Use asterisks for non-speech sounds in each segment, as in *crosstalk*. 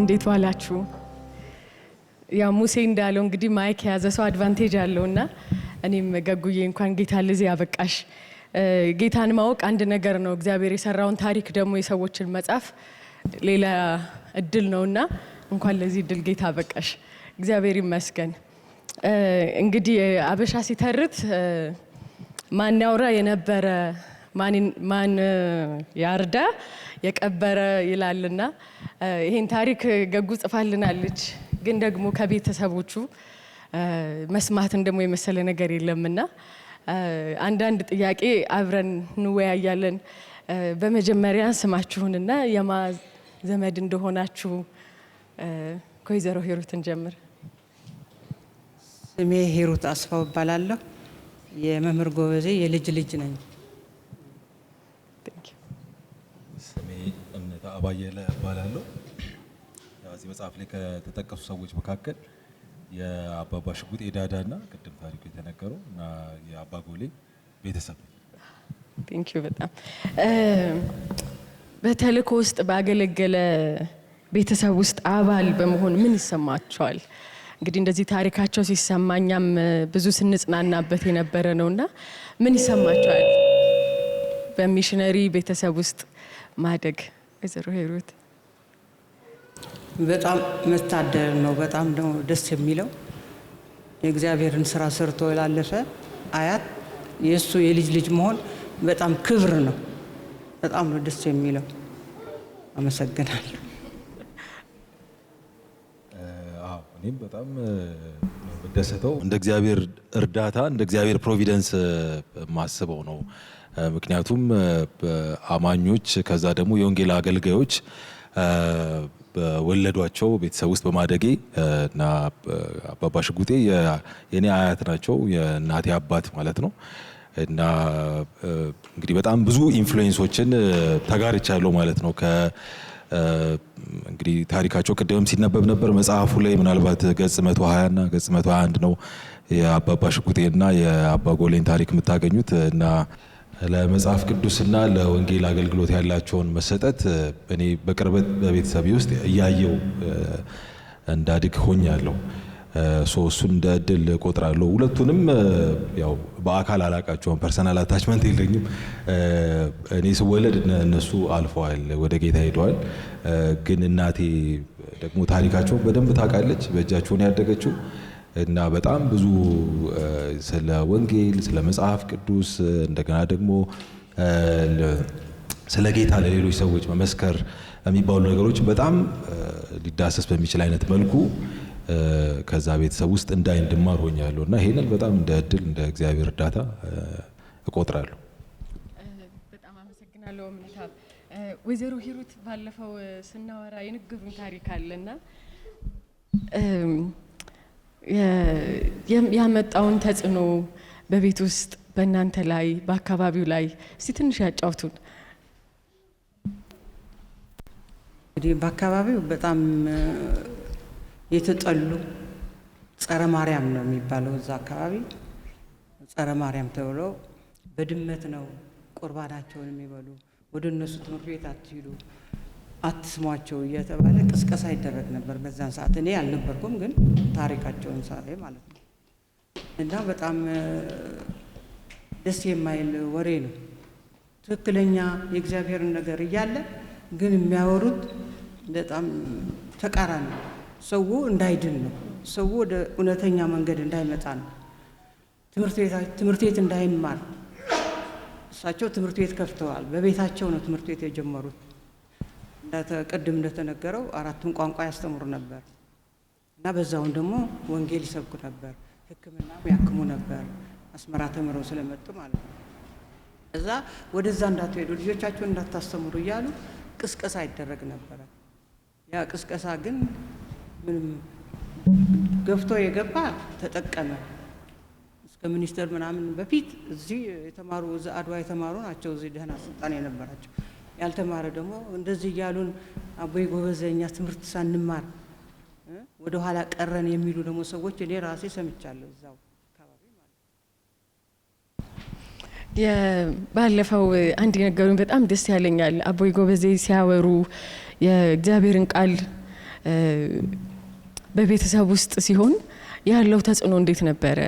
እንዴት ዋላችሁ? ያ ሙሴ እንዳለው እንግዲህ ማይክ የያዘ ሰው አድቫንቴጅ እና እኔም ገጉዬ እንኳን ጌታ ለዚህ ያበቃሽ። ጌታን ማወቅ አንድ ነገር ነው። እግዚአብሔር የሰራውን ታሪክ ደግሞ የሰዎችን መጻፍ ሌላ እድል እና እንኳን ለዚህ እድል ጌታ በቃሽ። እግዚአብሔር ይመስገን። እንግዲህ አበሻ ሲተርት ማናውራ የነበረ ማን ያርዳ የቀበረ ይላልና ይህን ታሪክ ገጉ ጽፋልናለች። ግን ደግሞ ከቤተሰቦቹ መስማትን ደግሞ የመሰለ ነገር የለምና አንዳንድ ጥያቄ አብረን እንወያያለን። በመጀመሪያ ስማችሁንና የማ ዘመድ እንደሆናችሁ ከወይዘሮ ሂሩትን ጀምር። ስሜ ሂሩት አስፋው እባላለሁ። የመምህር ጎበዜ የልጅ ልጅ ነኝ። አባየለ እባላለሁ። እዚህ መጽሐፍ ላይ ከተጠቀሱ ሰዎች መካከል የአባባ ሽጉጤ ዳዳ እና ቅድም ታሪኩ የተነገረው እና የአባ ጎሌ ቤተሰብ ቴንክ ዩ። በጣም በተልእኮ ውስጥ ባገለገለ ቤተሰብ ውስጥ አባል በመሆን ምን ይሰማቸዋል? እንግዲህ እንደዚህ ታሪካቸው ሲሰማ እኛም ብዙ ስንጽናናበት የነበረ ነውና ምን ይሰማቸዋል በሚሽነሪ ቤተሰብ ውስጥ ማደግ ወይዘሮ ሂሩት በጣም መታደል ነው። በጣም ነው ደስ የሚለው የእግዚአብሔርን ስራ ሰርቶ ላለፈ አያት የእሱ የልጅ ልጅ መሆን በጣም ክብር ነው። በጣም ነው ደስ የሚለው። አመሰግናለሁ። እኔም በጣም ደሰተው እንደ እግዚአብሔር እርዳታ እንደ እግዚአብሔር ፕሮቪደንስ ማስበው ነው ምክንያቱም አማኞች ከዛ ደግሞ የወንጌል አገልጋዮች በወለዷቸው ቤተሰብ ውስጥ በማደጌ እና አባባ ሽጉጤ የኔ አያት ናቸው፣ የእናቴ አባት ማለት ነው። እና እንግዲህ በጣም ብዙ ኢንፍሉዌንሶችን ተጋርቻለሁ ማለት ነው። እንግዲህ ታሪካቸው ቅድምም ሲነበብ ነበር መጽሐፉ ላይ ምናልባት ገጽ 120 እና ገጽ 121 ነው የአባባ ሽጉጤ እና የአባ ጎሌን ታሪክ የምታገኙት እና ለመጽሐፍ ቅዱስና ለወንጌል አገልግሎት ያላቸውን መሰጠት እኔ በቅርበት በቤተሰቤ ውስጥ እያየው እንዳድግ ሆኛለሁ። እሱን እንደ እድል ቆጥራለሁ። ሁለቱንም ያው በአካል አላቃቸውም፣ ፐርሰናል አታችመንት የለኝም። እኔ ስወለድ እነሱ አልፈዋል፣ ወደ ጌታ ሄደዋል። ግን እናቴ ደግሞ ታሪካቸውን በደንብ ታውቃለች፣ በእጃቸውን ያደገችው እና በጣም ብዙ ስለ ወንጌል ስለ መጽሐፍ ቅዱስ እንደገና ደግሞ ስለ ጌታ ለሌሎች ሰዎች መመስከር የሚባሉ ነገሮች በጣም ሊዳሰስ በሚችል አይነት መልኩ ከዛ ቤተሰብ ውስጥ እንዳይ እንድማር ሆኛለሁ እና ይሄንን በጣም እንደ እድል እንደ እግዚአብሔር እርዳታ እቆጥራለሁ። በጣም አመሰግናለሁ ወይዘሮ ሂሩት ባለፈው ስናወራ የንግሩን ታሪክ አለና ያመጣውን ተጽዕኖ በቤት ውስጥ በእናንተ ላይ በአካባቢው ላይ እስቲ ትንሽ ያጫውቱን። እንግዲህ በአካባቢው በጣም የተጠሉ ጸረ ማርያም ነው የሚባለው እዛ አካባቢ ጸረ ማርያም ተብሎ በድመት ነው ቁርባናቸውን የሚበሉ ወደ እነሱ ትምህርት ቤት አትሂዱ አትስሟቸው እየተባለ ቅስቀሳ ይደረግ ነበር። በዛን ሰዓት እኔ አልነበርኩም፣ ግን ታሪካቸውን ሳይ ማለት ነው እና በጣም ደስ የማይል ወሬ ነው። ትክክለኛ የእግዚአብሔርን ነገር እያለ ግን የሚያወሩት በጣም ተቃራኒ ነው። ሰው እንዳይድን ነው። ሰው ወደ እውነተኛ መንገድ እንዳይመጣ ነው። ትምህርት ቤት እንዳይማር። እሳቸው ትምህርት ቤት ከፍተዋል። በቤታቸው ነው ትምህርት ቤት የጀመሩት። ቅድም እንደተነገረው አራቱን ቋንቋ ያስተምሩ ነበር እና በዛውን ደግሞ ወንጌል ይሰብኩ ነበር። ሕክምናም ያክሙ ነበር። አስመራ ተምረው ስለመጡ ማለት ነው። እዛ ወደዛ እንዳትሄዱ ልጆቻችሁን እንዳታስተምሩ እያሉ ቅስቀሳ ይደረግ ነበረ። ያ ቅስቀሳ ግን ምንም ገፍቶ የገባ ተጠቀመ። እስከ ሚኒስተር ምናምን በፊት እዚህ የተማሩ አድዋ የተማሩ ናቸው። እዚህ ደህና ስልጣን የነበራቸው ያልተማረ ደግሞ እንደዚህ እያሉን አቦይ ጎበዘኛ ትምህርት ሳንማር ወደ ኋላ ቀረን የሚሉ ደግሞ ሰዎች እኔ ራሴ ሰምቻለሁ እዛው አካባቢ ባለፈው አንድ ነገሩን በጣም ደስ ያለኛል። አቦይ ጎበዜ ሲያወሩ የእግዚአብሔርን ቃል በቤተሰብ ውስጥ ሲሆን ያለው ተጽዕኖ እንዴት ነበረ?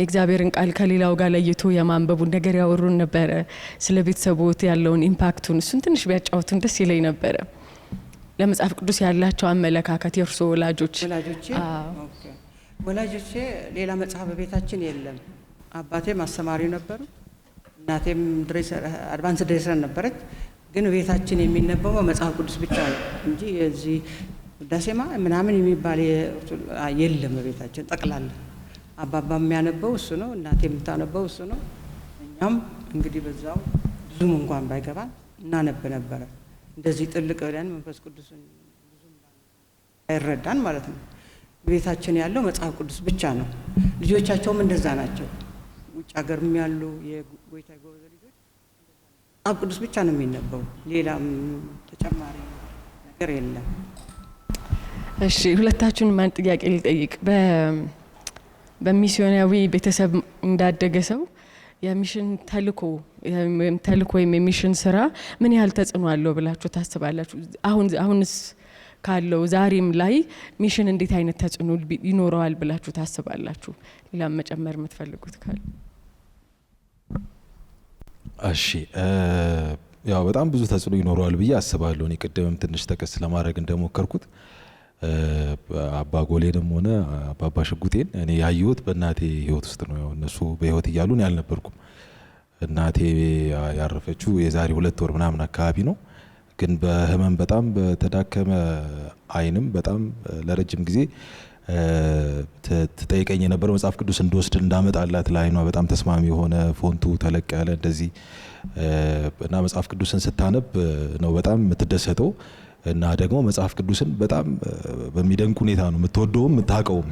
የእግዚአብሔርን ቃል ከሌላው ጋር ለይቶ የማንበቡን ነገር ያወሩን ነበረ። ስለ ቤተሰቦት ያለውን ኢምፓክቱን እሱን ትንሽ ቢያጫወቱን ደስ ይለኝ ነበረ። ለመጽሐፍ ቅዱስ ያላቸው አመለካከት የእርሶ ወላጆች ወላጆቼ ሌላ መጽሐፍ በቤታችን የለም። አባቴም አስተማሪ ነበሩ፣ እናቴም አድቫንስ ድሬሰር ነበረች። ግን ቤታችን የሚነበበው መጽሐፍ ቅዱስ ብቻ ነው እንጂ የዚህ ውዳሴ ምናምን የሚባል የለም በቤታችን ጠቅላላ አባባ የሚያነበው እሱ ነው፣ እናቴ የምታነበው እሱ ነው። እኛም እንግዲህ በዛው ብዙም እንኳን ባይገባን እናነብ ነበረ። እንደዚህ ጥልቅ ብለን መንፈስ ቅዱስን አይረዳን ማለት ነው። ቤታችን ያለው መጽሐፍ ቅዱስ ብቻ ነው። ልጆቻቸውም እንደዛ ናቸው። ውጭ ሀገር ያሉ የጎይታ ጎበዘ ልጆች መጽሐፍ ቅዱስ ብቻ ነው የሚነበው፣ ሌላም ተጨማሪ ነገር የለም። እሺ፣ ሁለታችሁን ማን ጥያቄ ልጠይቅ። በሚስዮናዊ ቤተሰብ እንዳደገ ሰው የሚሽን ተልኮ ተልኮ ወይም የሚሽን ስራ ምን ያህል ተጽዕኖ አለው ብላችሁ ታስባላችሁ? አሁን አሁንስ ካለው ዛሬም ላይ ሚሽን እንዴት አይነት ተጽዕኖ ይኖረዋል ብላችሁ ታስባላችሁ? ሌላም መጨመር የምትፈልጉት ካለ። እሺ፣ ያው በጣም ብዙ ተጽዕኖ ይኖረዋል ብዬ አስባለሁ። እኔ ቅድምም ትንሽ ጠቀስ ለማድረግ እንደሞከርኩት አባ ጎሌንም ሆነ አባባ ሽጉጤን እኔ ያየሁት በእናቴ ህይወት ውስጥ ነው። እነሱ በህይወት እያሉ እኔ አልነበርኩም። እናቴ ያረፈችው የዛሬ ሁለት ወር ምናምን አካባቢ ነው። ግን በህመም በጣም በተዳከመ አይንም በጣም ለረጅም ጊዜ ትጠይቀኝ የነበረው መጽሐፍ ቅዱስ እንድወስድ እንዳመጣላት ለአይኗ በጣም ተስማሚ የሆነ ፎንቱ ተለቅ ያለ እንደዚህ እና መጽሐፍ ቅዱስን ስታነብ ነው በጣም የምትደሰተው። እና ደግሞ መጽሐፍ ቅዱስን በጣም በሚደንቅ ሁኔታ ነው የምትወደውም የምታውቀውም።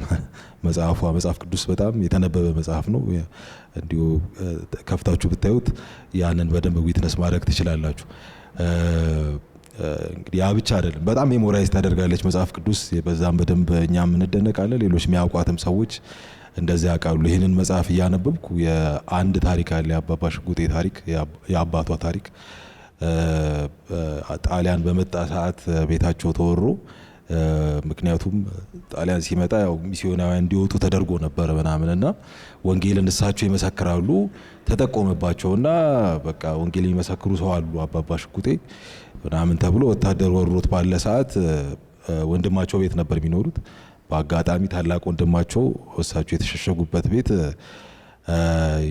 መጽሐፏ መጽሐፍ ቅዱስ በጣም የተነበበ መጽሐፍ ነው። እንዲሁ ከፍታችሁ ብታዩት ያንን በደንብ ዊትነስ ማድረግ ትችላላችሁ። እንግዲህ ያ ብቻ አይደለም፣ በጣም ሜሞራይዝ ታደርጋለች መጽሐፍ ቅዱስ። በዛም በደንብ እኛም እንደነቃለን፣ ሌሎች የሚያውቋትም ሰዎች እንደዚያ ያውቃሉ። ይህንን መጽሐፍ እያነበብኩ የአንድ ታሪክ አለ፣ የአባባ ሽጉጤ ታሪክ፣ የአባቷ ታሪክ ጣሊያን በመጣ ሰዓት ቤታቸው ተወሩ። ምክንያቱም ጣሊያን ሲመጣ ያው ሚስዮናውያን እንዲወጡ ተደርጎ ነበረ ምናምን እና ወንጌልን እሳቸው ይመሰክራሉ ተጠቆመባቸውና በቃ ወንጌል የሚመሰክሩ ሰው አሉ አባባ ሽጉጤ ምናምን ተብሎ ወታደር ወሮት ባለ ሰዓት ወንድማቸው ቤት ነበር የሚኖሩት። በአጋጣሚ ታላቅ ወንድማቸው እሳቸው የተሸሸጉበት ቤት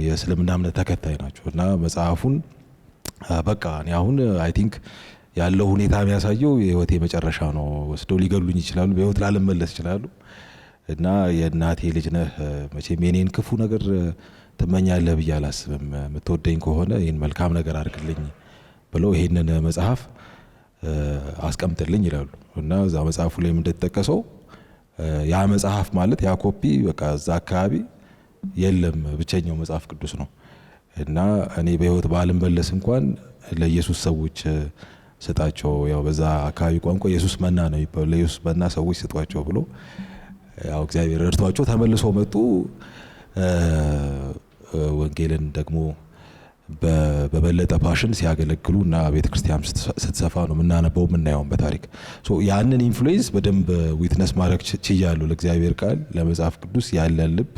የእስልምና እምነት ተከታይ ናቸው እና መጽሐፉን በቃ እኔ አሁን አይ ቲንክ ያለው ሁኔታ የሚያሳየው የህይወቴ መጨረሻ ነው፣ ወስደው ሊገሉኝ ይችላሉ፣ በህይወት ላልመለስ ይችላሉ እና የእናቴ ልጅ ነህ መቼም የኔን ክፉ ነገር ትመኛለህ ብዬ አላስብም። የምትወደኝ ከሆነ ይህን መልካም ነገር አድርግልኝ ብለው ይህንን መጽሐፍ አስቀምጥልኝ ይላሉ እና እዛ መጽሐፉ ላይም እንደተጠቀሰው ያ መጽሐፍ ማለት ያ ኮፒ በቃ እዛ አካባቢ የለም፣ ብቸኛው መጽሐፍ ቅዱስ ነው። እና እኔ በህይወት ባልመለስ እንኳን ለኢየሱስ ሰዎች ስጣቸው፣ ያው በዛ አካባቢ ቋንቋ ኢየሱስ መና ነው የሚባለው። ለኢየሱስ መና ሰዎች ስጧቸው ብሎ ያው እግዚአብሔር ረድቷቸው ተመልሰው መጡ። ወንጌልን ደግሞ በበለጠ ፓሽን ሲያገለግሉ እና ቤተ ክርስቲያን ስትሰፋ ነው የምናነበው የምናየውን በታሪክ ያንን ኢንፍሉዌንስ በደንብ ዊትነስ ማድረግ ችያለሁ። ለእግዚአብሔር ቃል ለመጽሐፍ ቅዱስ ያለን ልብ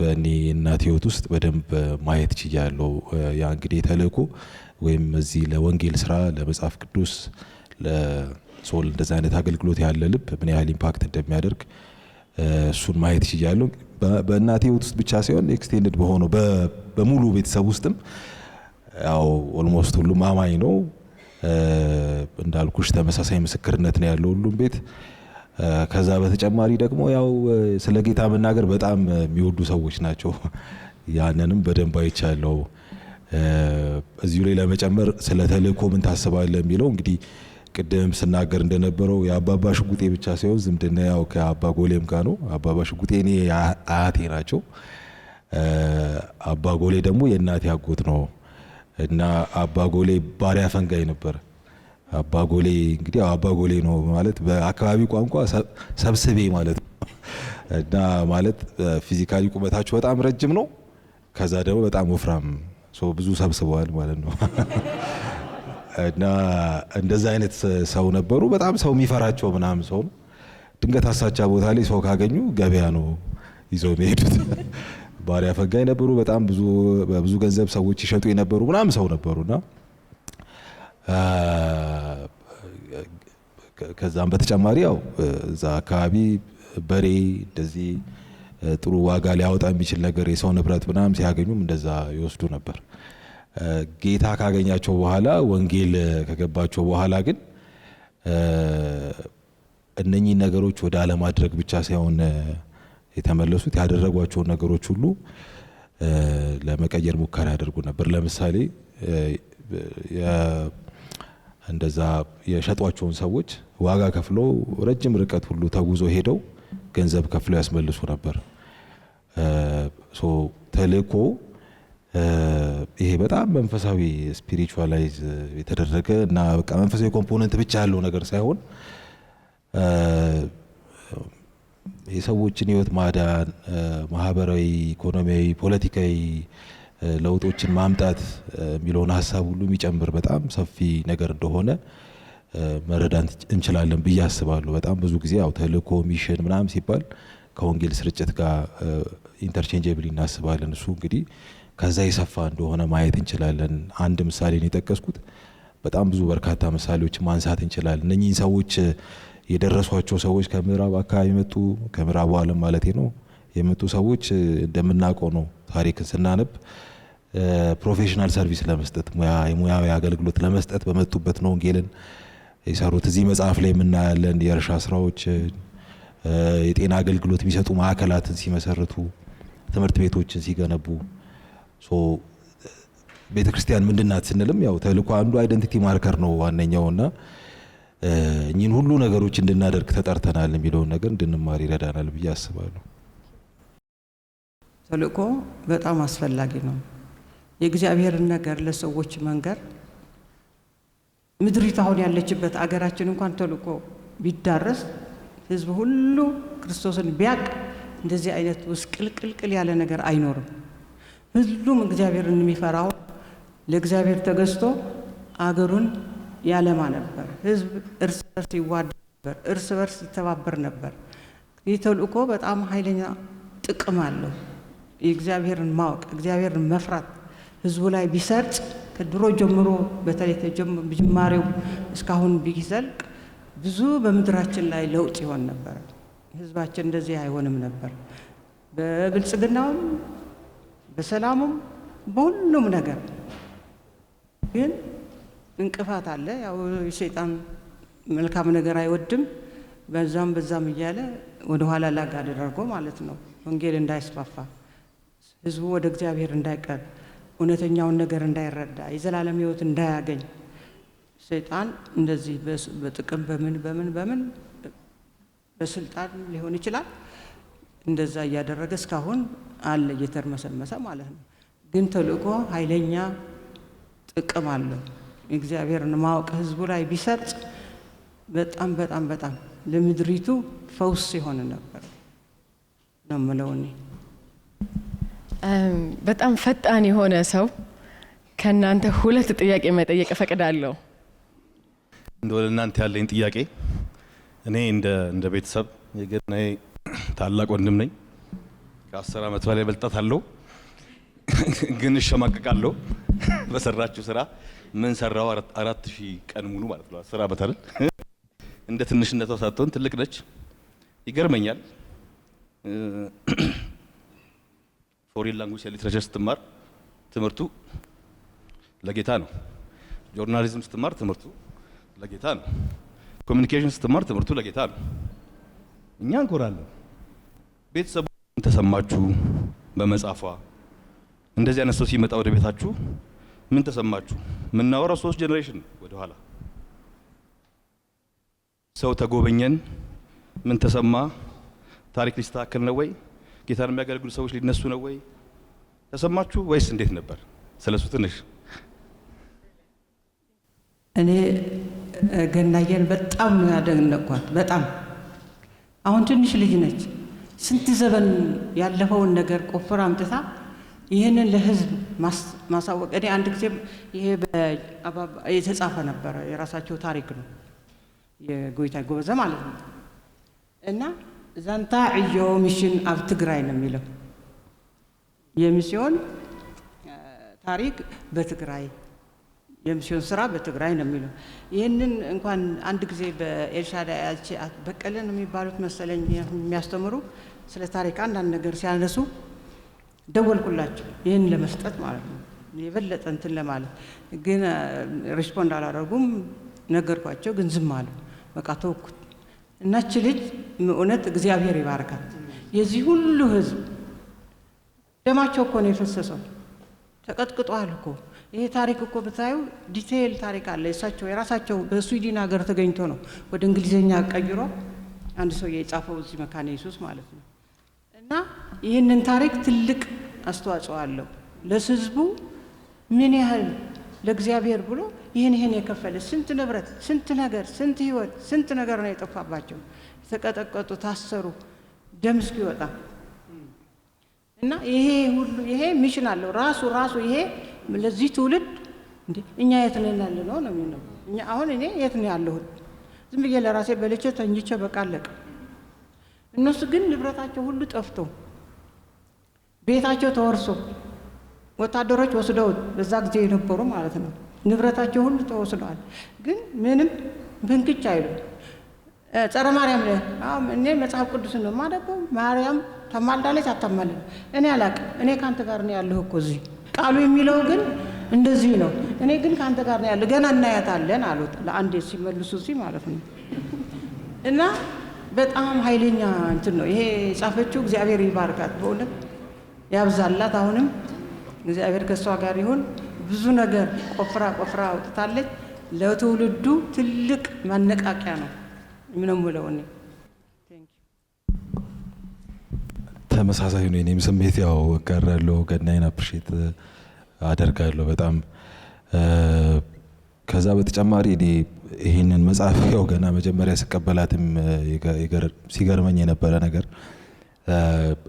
በእኔ እናት ህይወት ውስጥ በደንብ ማየት ችያለሁ። ያ እንግዲህ ተልእኮ ወይም እዚህ ለወንጌል ስራ ለመጽሐፍ ቅዱስ ለሶል እንደዚህ አይነት አገልግሎት ያለ ልብ ምን ያህል ኢምፓክት እንደሚያደርግ እሱን ማየት ችያለሁ። በእናቴ ህይወት ውስጥ ብቻ ሳይሆን ኤክስቴንድድ በሆነው በሙሉ ቤተሰብ ውስጥም ያው ኦልሞስት ሁሉም አማኝ ነው። እንዳልኩሽ ተመሳሳይ ምስክርነት ነው ያለው ሁሉም ቤት ከዛ በተጨማሪ ደግሞ ያው ስለ ጌታ መናገር በጣም የሚወዱ ሰዎች ናቸው። *laughs* ያንንም በደንብ አይቻለው። እዚሁ ላይ ለመጨመር ስለ ተልእኮ ምን ታስባለህ የሚለው እንግዲህ ቅድም ስናገር እንደነበረው የአባባ ሽጉጤ ብቻ ሳይሆን ዝምድና ያው ከአባ ጎሌም ጋር ነው። አባባ ሽጉጤ እኔ አያቴ ናቸው። አባ ጎሌ ደግሞ የእናቴ አጎት ነው እና አባ ጎሌ ባሪያ ፈንጋይ ነበር። አባጎሌ እንግዲህ አባጎሌ ነው ማለት በአካባቢ ቋንቋ ሰብስቤ ማለት ነው። እና ማለት ፊዚካሊ ቁመታችሁ በጣም ረጅም ነው፣ ከዛ ደግሞ በጣም ወፍራም ብዙ ሰብስበዋል ማለት ነው። እና እንደዛ አይነት ሰው ነበሩ። በጣም ሰው የሚፈራቸው ምናምን ሰው ነው። ድንገት አሳቻ ቦታ ላይ ሰው ካገኙ ገበያ ነው ይዘው የሚሄዱት። ባሪያ ፈጋኝ ነበሩ። በጣም ብዙ በብዙ ገንዘብ ሰዎች ይሸጡ የነበሩ ምናምን ሰው ነበሩና ከዛም በተጨማሪ ያው እዛ አካባቢ በሬ እንደዚህ ጥሩ ዋጋ ሊያወጣ የሚችል ነገር የሰው ንብረት ምናምን ሲያገኙም እንደዛ ይወስዱ ነበር። ጌታ ካገኛቸው በኋላ ወንጌል ከገባቸው በኋላ ግን እነኚህ ነገሮች ወደ አለማድረግ ብቻ ሳይሆን የተመለሱት ያደረጓቸውን ነገሮች ሁሉ ለመቀየር ሙከራ ያደርጉ ነበር። ለምሳሌ እንደዛ የሸጧቸውን ሰዎች ዋጋ ከፍሎ ረጅም ርቀት ሁሉ ተጉዞ ሄደው ገንዘብ ከፍለው ያስመልሱ ነበር። ተልእኮ ይሄ በጣም መንፈሳዊ ስፒሪቹዋላይዝ የተደረገ እና በቃ መንፈሳዊ ኮምፖነንት ብቻ ያለው ነገር ሳይሆን የሰዎችን ህይወት ማዳን ማህበራዊ፣ ኢኮኖሚያዊ፣ ፖለቲካዊ ለውጦችን ማምጣት የሚለውን ሀሳብ ሁሉ የሚጨምር በጣም ሰፊ ነገር እንደሆነ መረዳት እንችላለን ብዬ አስባለሁ። በጣም ብዙ ጊዜ ያው ተልእኮ ሚሽን ምናምን ሲባል ከወንጌል ስርጭት ጋር ኢንተርቼንጀብል እናስባለን። እሱ እንግዲህ ከዛ የሰፋ እንደሆነ ማየት እንችላለን። አንድ ምሳሌን የጠቀስኩት። በጣም ብዙ በርካታ ምሳሌዎችን ማንሳት እንችላለን። እነኚህን ሰዎች የደረሷቸው ሰዎች ከምዕራብ አካባቢ መጡ ከምዕራቡ ዓለም ማለት ነው የመጡ ሰዎች እንደምናውቀው ነው ታሪክን ስናነብ ፕሮፌሽናል ሰርቪስ ለመስጠት ሙያ የሙያዊ አገልግሎት ለመስጠት በመጡበት ነው ወንጌልን የሰሩት። እዚህ መጽሐፍ ላይ የምናያለን የእርሻ ስራዎች፣ የጤና አገልግሎት የሚሰጡ ማዕከላትን ሲመሰርቱ፣ ትምህርት ቤቶችን ሲገነቡ ቤተ ክርስቲያን ምንድናት ስንልም ያው ተልእኮ አንዱ አይደንቲቲ ማርከር ነው እና እኚህን ሁሉ ነገሮች እንድናደርግ ተጠርተናል የሚለውን ነገር እንድንማር ይረዳናል ብዬ አስባለሁ። ተልእኮ በጣም አስፈላጊ ነው። የእግዚአብሔርን ነገር ለሰዎች መንገር ምድሪት አሁን ያለችበት አገራችን እንኳን ተልቆ ቢዳረስ ህዝብ ሁሉ ክርስቶስን ቢያቅ እንደዚህ አይነት ውስቅልቅልቅል ያለ ነገር አይኖርም። ሁሉም እግዚአብሔርን የሚፈራው ለእግዚአብሔር ተገዝቶ አገሩን ያለማ ነበር። ህዝብ እርስ በርስ ይዋደድ ነበር፣ እርስ በርስ ይተባበር ነበር። ይህ ተልእኮ በጣም ኃይለኛ ጥቅም አለው። የእግዚአብሔርን ማወቅ፣ እግዚአብሔርን መፍራት ህዝቡ ላይ ቢሰርጥ ከድሮ ጀምሮ በተለይ ጅማሬው እስካሁን ቢዘልቅ ብዙ በምድራችን ላይ ለውጥ ይሆን ነበር። ህዝባችን እንደዚህ አይሆንም ነበር። በብልጽግናውም በሰላሙም በሁሉም ነገር ግን እንቅፋት አለ። ያው የሰይጣን መልካም ነገር አይወድም። በዛም በዛም እያለ ወደ ኋላ ላግ አደረገው ማለት ነው። ወንጌል እንዳይስፋፋ ህዝቡ ወደ እግዚአብሔር እንዳይቀር እውነተኛውን ነገር እንዳይረዳ የዘላለም ሕይወት እንዳያገኝ ሰይጣን እንደዚህ በጥቅም በምን በምን በምን በስልጣን ሊሆን ይችላል እንደዛ እያደረገ እስካሁን አለ እየተርመሰመሰ ማለት ነው። ግን ተልእኮ ኃይለኛ ጥቅም አለው። እግዚአብሔርን ማወቅ ህዝቡ ላይ ቢሰጥ በጣም በጣም በጣም ለምድሪቱ ፈውስ ሲሆን ነበር ነው የምለው እኔ። በጣም ፈጣን የሆነ ሰው ከእናንተ ሁለት ጥያቄ መጠየቅ እፈቅዳለሁ። እንደ ወደ እናንተ ያለኝ ጥያቄ እኔ እንደ ቤተሰብ የገናዬ ታላቅ ወንድም ነኝ። ከአስር ዓመት በላይ በልጣት አለው ግን እሸማቀቃለሁ በሰራችሁ ስራ። ምን ሰራው? አራት ሺህ ቀን ሙሉ ማለት ነው አስር ዓመት አይደል? እንደ ትንሽነቷ ሳትሆን ትልቅ ነች። ይገርመኛል ፎሪን ላንጉጅ ሊትሬቸር ስትማር ትምህርቱ ለጌታ ነው። ጆርናሊዝም ስትማር ትምህርቱ ለጌታ ነው። ኮሚኒኬሽን ስትማር ትምህርቱ ለጌታ ነው። እኛ እንኮራለን። ቤተሰቡ ተሰማችሁ በመጻፏ እንደዚህ አይነት ሰው ሲመጣ ወደ ቤታችሁ ምን ተሰማችሁ? የምናወራው ሶስት ጀኔሬሽን ወደኋላ ሰው ተጎበኘን፣ ምን ተሰማ፣ ታሪክ ሊስተካከል ነው ወይ ጌታን የሚያገለግሉ ሰዎች ሊነሱ ነው ወይ? ተሰማችሁ ወይስ እንዴት ነበር? ስለሱ ትንሽ እኔ ገናየን በጣም ነው ያደነኳት። በጣም አሁን ትንሽ ልጅ ነች። ስንት ዘመን ያለፈውን ነገር ቆፍር አምጥታ ይህንን ለህዝብ ማሳወቅ እኔ አንድ ጊዜ ይሄ የተጻፈ ነበረ። የራሳቸው ታሪክ ነው የጎይታ ጎበዘ ማለት ነው እና ዘንታ ዕዮ ሚሽን ኣብ ትግራይ ነው የሚለው የሚስዮን ታሪክ በትግራይ የሚስዮን ስራ በትግራይ ነው የሚለው። ይህንን እንኳን አንድ ጊዜ በኤልሻዳይ በቀለ ነው የሚባሉት መሰለኝ የሚያስተምሩ ስለ ታሪክ አንዳንድ ነገር ሲያነሱ ደወልኩላቸው፣ ይህን ለመስጠት ማለት ነው የበለጠ እንትን ለማለት ግን ሪስፖንድ አላደረጉም። ነገርኳቸው ግን ዝም አሉ። በቃ ተወኩት። እናች ልጅ እውነት እግዚአብሔር ይባርካት። የዚህ ሁሉ ህዝብ ደማቸው እኮ ነው የፈሰሰው። ተቀጥቅጧል እኮ ይሄ ታሪክ እኮ ብታዩ ዲቴይል ታሪክ አለ። እሳቸው የራሳቸው በስዊድን ሀገር ተገኝቶ ነው ወደ እንግሊዝኛ ቀይሮ አንድ ሰው የጻፈው እዚህ መካነ ኢየሱስ ማለት ነው። እና ይህንን ታሪክ ትልቅ አስተዋጽኦ አለው ለህዝቡ ምን ያህል ለእግዚአብሔር ብሎ ይህን ይህን የከፈለ ስንት ንብረት፣ ስንት ነገር፣ ስንት ህይወት፣ ስንት ነገር ነው የጠፋባቸው። ተቀጠቀጡ፣ ታሰሩ፣ ደም እስኪወጣ እና ይሄ ሁሉ ይሄ ሚሽን አለው ራሱ ራሱ ይሄ ለዚህ ትውልድ እንዴ እኛ የት ነን ያለ ነው ነው የሚለው። እኛ አሁን እኔ የት ነው ያለሁት? ዝም ብዬ ለራሴ በልቼ ተኝቼ በቃ አለቀ። እነሱ ግን ንብረታቸው ሁሉ ጠፍቶ ቤታቸው ተወርሶ ወታደሮች ወስደውት በዛ ጊዜ የነበሩ ማለት ነው። ንብረታቸው ሁሉ ተወስደዋል። ግን ምንም ብንክች አይሉ ጸረ ማርያም ነ እኔ መጽሐፍ ቅዱስ ነው የማነበው። ማርያም ተማልዳለች አታማልም። እኔ አላቅም። እኔ ከአንተ ጋር ነው ያለሁ እኮ እዚህ ቃሉ የሚለው ግን እንደዚህ ነው። እኔ ግን ከአንተ ጋር ነው ያለ ገና እናያታለን አሉት። ለአንድ ሲመልሱ እዚህ ማለት ነው እና በጣም ኃይለኛ እንትን ነው ይሄ ጻፈችው። እግዚአብሔር ይባርካት፣ በእውነት ያብዛላት አሁንም እግዚአብሔር ከእሷ ጋር ይሁን። ብዙ ነገር ቆፍራ ቆፍራ አውጥታለች። ለትውልዱ ትልቅ ማነቃቂያ ነው የምለው እኔ። ተመሳሳይ ነው እኔም ስሜት ያው እጋራለሁ። ገናይን አፕሪሼት አደርጋለሁ በጣም ከዛ በተጨማሪ እኔ ይህንን መጽሐፍ ያው ገና መጀመሪያ ስቀበላትም ሲገርመኝ የነበረ ነገር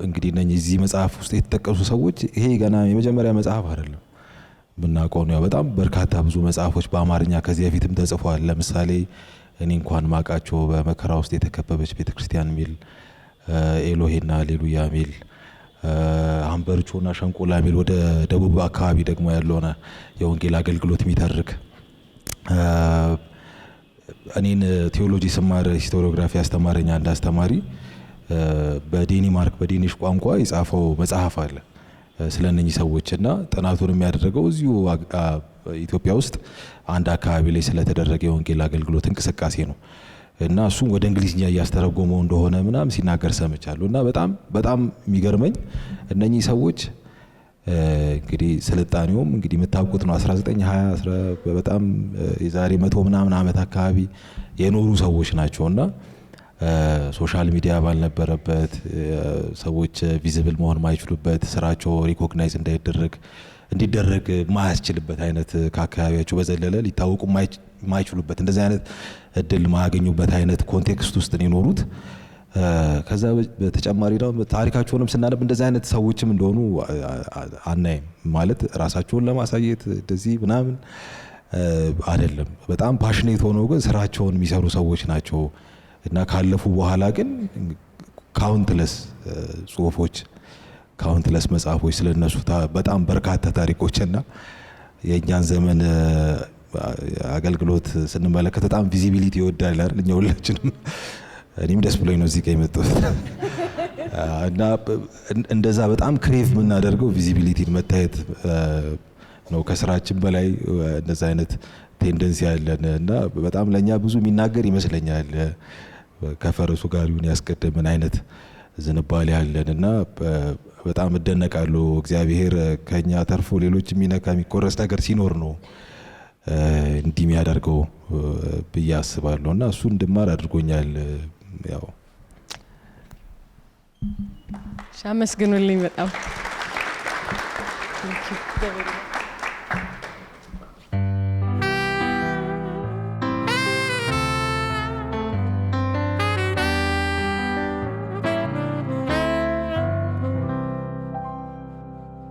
እንግዲህ እነኚህ እዚህ መጽሐፍ ውስጥ የተጠቀሱ ሰዎች ይሄ ገና የመጀመሪያ መጽሐፍ አይደለም። ብናውቀው ነው በጣም በርካታ ብዙ መጽሐፎች በአማርኛ ከዚህ በፊትም ተጽፏል። ለምሳሌ እኔ እንኳን ማቃቸው በመከራ ውስጥ የተከበበች ቤተክርስቲያን ሚል ኤሎሄና ሌሉያ ሚል አንበርቾና ሸንቆላ ሚል ወደ ደቡብ አካባቢ ደግሞ ያለሆነ የወንጌል አገልግሎት የሚተርክ እኔን ቴዎሎጂ ስማር ሂስቶሪዮግራፊ አስተማረኛ እንዳስተማሪ በዴኒማርክ በዴኒሽ ቋንቋ የጻፈው መጽሐፍ አለ ስለ እነኚህ ሰዎች እና ጥናቱን የሚያደርገው እዚሁ ኢትዮጵያ ውስጥ አንድ አካባቢ ላይ ስለተደረገ የወንጌል አገልግሎት እንቅስቃሴ ነው እና እሱም ወደ እንግሊዝኛ እያስተረጎመው እንደሆነ ምናም ሲናገር ሰምቻለሁ። እና በጣም በጣም የሚገርመኝ እነኚህ ሰዎች እንግዲህ ስልጣኔውም እንግዲህ የምታውቁት ነው 1920 በጣም የዛሬ መቶ ምናምን ዓመት አካባቢ የኖሩ ሰዎች ናቸው እና ሶሻል ሚዲያ ባልነበረበት፣ ሰዎች ቪዚብል መሆን ማይችሉበት፣ ስራቸው ሪኮግናይዝ እንዳይደረግ እንዲደረግ ማያስችልበት አይነት ከአካባቢያቸው በዘለለ ሊታወቁ ማይችሉበት እንደዚህ አይነት እድል ማያገኙበት አይነት ኮንቴክስት ውስጥ ነው የኖሩት። ከዛ በተጨማሪ ደግሞ ታሪካቸውንም ስናነብ እንደዚህ አይነት ሰዎችም እንደሆኑ አናይም። ማለት ራሳቸውን ለማሳየት እንደዚህ ምናምን አይደለም። በጣም ፓሽኔት ሆነው ግን ስራቸውን የሚሰሩ ሰዎች ናቸው። እና ካለፉ በኋላ ግን ካውንትለስ ጽሁፎች ካውንትለስ መጽሐፎች ስለነሱ በጣም በርካታ ታሪኮችና የእኛን ዘመን አገልግሎት ስንመለከት በጣም ቪዚቢሊቲ ይወዳል አይደል? እኛ ሁላችንም እኔም ደስ ብሎኝ ነው እዚህ ጋር የመጣሁት እና እንደዛ በጣም ክሬቭ የምናደርገው ቪዚቢሊቲን መታየት ነው። ከስራችን በላይ እንደዛ አይነት ቴንደንሲ ያለን እና በጣም ለእኛ ብዙ የሚናገር ይመስለኛል። ከፈረሱ ጋር ይሁን ያስቀደምን አይነት ዝንባሌ ያለን እና በጣም እደነቃለሁ። እግዚአብሔር ከኛ ተርፎ ሌሎች የሚነካ የሚቆረስ ነገር ሲኖር ነው እንዲህ የሚያደርገው ብዬ አስባለሁ እና እሱ እንድማር አድርጎኛል። ያው አመስግኑልኝ በጣም